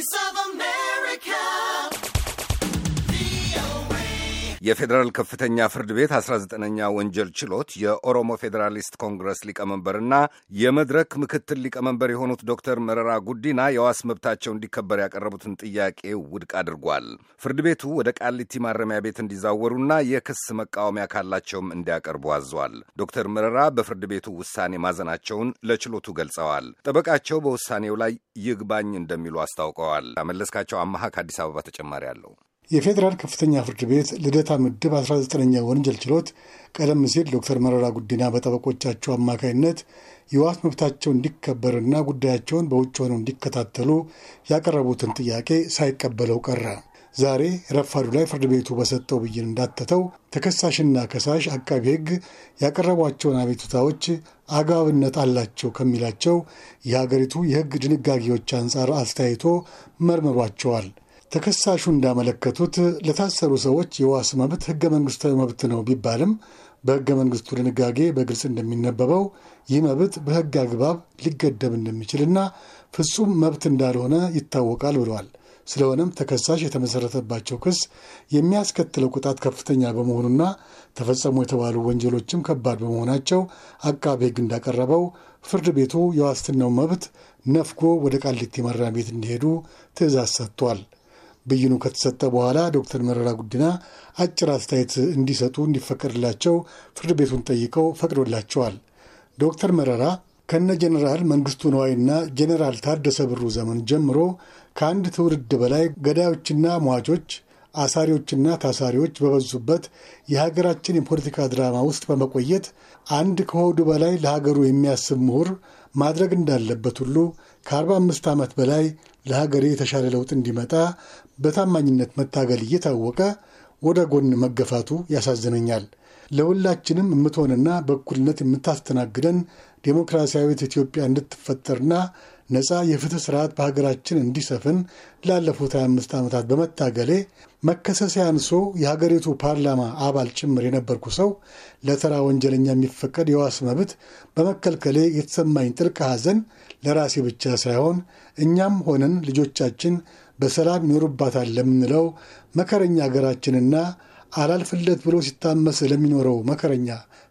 Voice of America. የፌዴራል ከፍተኛ ፍርድ ቤት 19ኛ ወንጀል ችሎት የኦሮሞ ፌዴራሊስት ኮንግረስ ሊቀመንበርና የመድረክ ምክትል ሊቀመንበር የሆኑት ዶክተር መረራ ጉዲና የዋስ መብታቸው እንዲከበር ያቀረቡትን ጥያቄ ውድቅ አድርጓል። ፍርድ ቤቱ ወደ ቃሊቲ ማረሚያ ቤት እንዲዛወሩና የክስ መቃወሚያ ካላቸውም እንዲያቀርቡ አዟል። ዶክተር መረራ በፍርድ ቤቱ ውሳኔ ማዘናቸውን ለችሎቱ ገልጸዋል። ጠበቃቸው በውሳኔው ላይ ይግባኝ እንደሚሉ አስታውቀዋል። መለስካቸው አመሃ ከአዲስ አበባ ተጨማሪ አለው። የፌዴራል ከፍተኛ ፍርድ ቤት ልደታ ምድብ 19ኛ ወንጀል ችሎት ቀደም ሲል ዶክተር መረራ ጉዲና በጠበቆቻቸው አማካይነት የዋስ መብታቸው እንዲከበርና ጉዳያቸውን በውጭ ሆነው እንዲከታተሉ ያቀረቡትን ጥያቄ ሳይቀበለው ቀረ። ዛሬ ረፋዱ ላይ ፍርድ ቤቱ በሰጠው ብይን እንዳተተው ተከሳሽና ከሳሽ አቃቢ ሕግ ያቀረቧቸውን አቤቱታዎች አግባብነት አላቸው ከሚላቸው የሀገሪቱ የሕግ ድንጋጌዎች አንጻር አስተያይቶ መርምሯቸዋል። ተከሳሹ እንዳመለከቱት ለታሰሩ ሰዎች የዋስ መብት ህገ መንግስታዊ መብት ነው ቢባልም በህገ መንግስቱ ድንጋጌ በግልጽ እንደሚነበበው ይህ መብት በህግ አግባብ ሊገደብ እንደሚችልና ፍጹም መብት እንዳልሆነ ይታወቃል ብለዋል። ስለሆነም ተከሳሽ የተመሠረተባቸው ክስ የሚያስከትለው ቅጣት ከፍተኛ በመሆኑና ተፈጸሙ የተባሉ ወንጀሎችም ከባድ በመሆናቸው አቃቤ ህግ እንዳቀረበው ፍርድ ቤቱ የዋስትናው መብት ነፍጎ ወደ ቃሊቲ ማረሚያ ቤት እንዲሄዱ ትእዛዝ ሰጥቷል። ብይኑ ከተሰጠ በኋላ ዶክተር መረራ ጉዲና አጭር አስተያየት እንዲሰጡ እንዲፈቀድላቸው ፍርድ ቤቱን ጠይቀው ፈቅዶላቸዋል። ዶክተር መረራ ከነ ጀኔራል መንግስቱ ነዋይና ጀኔራል ታደሰ ብሩ ዘመን ጀምሮ ከአንድ ትውልድ በላይ ገዳዮችና ሟቾች አሳሪዎችና ታሳሪዎች በበዙበት የሀገራችን የፖለቲካ ድራማ ውስጥ በመቆየት አንድ ከሆዱ በላይ ለሀገሩ የሚያስብ ምሁር ማድረግ እንዳለበት ሁሉ ከ45 ዓመት በላይ ለሀገሬ የተሻለ ለውጥ እንዲመጣ በታማኝነት መታገል እየታወቀ ወደ ጎን መገፋቱ ያሳዝነኛል። ለሁላችንም የምትሆንና በእኩልነት የምታስተናግደን ዴሞክራሲያዊት ኢትዮጵያ እንድትፈጠርና ነፃ የፍትህ ስርዓት በሀገራችን እንዲሰፍን ላለፉት 25 ዓመታት በመታገሌ መከሰስ አንሶ የሀገሪቱ ፓርላማ አባል ጭምር የነበርኩ ሰው ለተራ ወንጀለኛ የሚፈቀድ የዋስ መብት በመከልከሌ የተሰማኝ ጥልቅ ሐዘን ለራሴ ብቻ ሳይሆን እኛም ሆነን ልጆቻችን በሰላም ይኖሩባታል ለምንለው መከረኛ አገራችንና አላልፍለት ብሎ ሲታመስ ለሚኖረው መከረኛ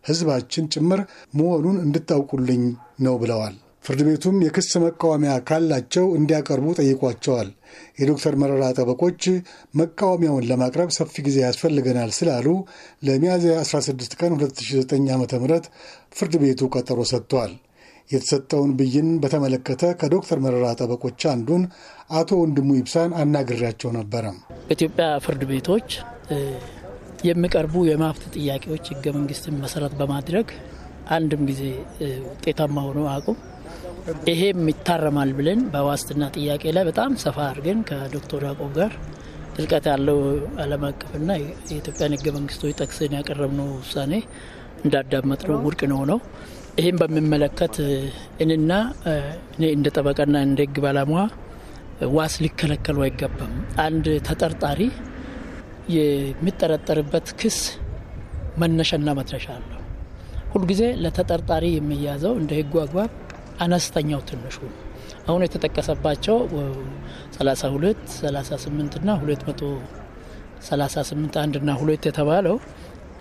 ህዝባችን ጭምር መሆኑን እንድታውቁልኝ ነው ብለዋል። ፍርድ ቤቱም የክስ መቃወሚያ ካላቸው እንዲያቀርቡ ጠይቋቸዋል። የዶክተር መረራ ጠበቆች መቃወሚያውን ለማቅረብ ሰፊ ጊዜ ያስፈልገናል ስላሉ ለሚያዝያ 16 ቀን 2009 ዓ ም ፍርድ ቤቱ ቀጠሮ ሰጥቷል። የተሰጠውን ብይን በተመለከተ ከዶክተር መረራ ጠበቆች አንዱን አቶ ወንድሙ ይብሳን አናግሬያቸው ነበረ። በኢትዮጵያ ፍርድ ቤቶች የሚቀርቡ የመብት ጥያቄዎች ህገ መንግስትን መሰረት በማድረግ አንድም ጊዜ ውጤታማ ሆኖ አቁም ይሄም ይታረማል ብለን በዋስትና ጥያቄ ላይ በጣም ሰፋ አድርገን ከዶክተር ያዕቆብ ጋር ጥልቀት ያለው ዓለም አቀፍና የኢትዮጵያን ህገ መንግስቶች ጠቅሰን ያቀረብነው ውሳኔ እንዳዳመጥ ነው ውድቅ ነው ነው ይህም በሚመለከት እኔና እኔ እንደ ጠበቃና እንደ ህግ ባለሙያ ዋስ ሊከለከሉ አይገባም። አንድ ተጠርጣሪ የሚጠረጠርበት ክስ መነሻና መድረሻ አለው። ሁልጊዜ ለተጠርጣሪ የሚያዘው እንደ ህጉ አግባብ አነስተኛው ትንሹ ነው። አሁን የተጠቀሰባቸው 32፣ 38 ና 238 አንድ ና ሁለት የተባለው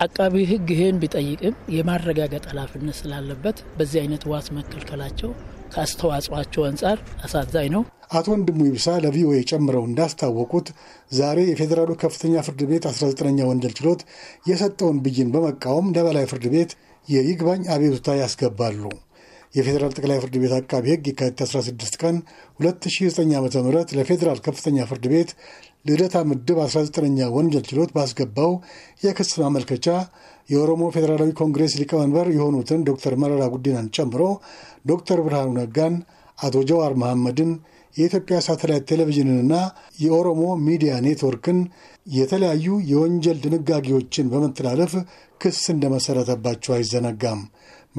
አቃቢ ሕግ ይህን ቢጠይቅም የማረጋገጥ ኃላፊነት ስላለበት በዚህ አይነት ዋስ መከልከላቸው ከአስተዋጽኦቸው አንጻር አሳዛኝ ነው። አቶ ወንድሙ ይብሳ ለቪኦኤ ጨምረው እንዳስታወቁት ዛሬ የፌዴራሉ ከፍተኛ ፍርድ ቤት 19ኛ ወንጀል ችሎት የሰጠውን ብይን በመቃወም ለበላይ ፍርድ ቤት የይግባኝ አቤቱታ ያስገባሉ። የፌዴራል ጠቅላይ ፍርድ ቤት አቃቢ ሕግ የካቲት 16 ቀን 2009 ዓ ም ለፌዴራል ከፍተኛ ፍርድ ቤት ልደታ ምድብ 19ኛ ወንጀል ችሎት ባስገባው የክስ ማመልከቻ የኦሮሞ ፌዴራላዊ ኮንግሬስ ሊቀመንበር የሆኑትን ዶክተር መረራ ጉዲናን ጨምሮ ዶክተር ብርሃኑ ነጋን፣ አቶ ጀዋር መሐመድን፣ የኢትዮጵያ ሳተላይት ቴሌቪዥንንና የኦሮሞ ሚዲያ ኔትወርክን የተለያዩ የወንጀል ድንጋጌዎችን በመተላለፍ ክስ እንደመሠረተባቸው አይዘነጋም።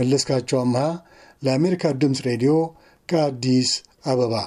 መለስካቸው አምሃ ለአሜሪካ ድምፅ ሬዲዮ ከአዲስ አበባ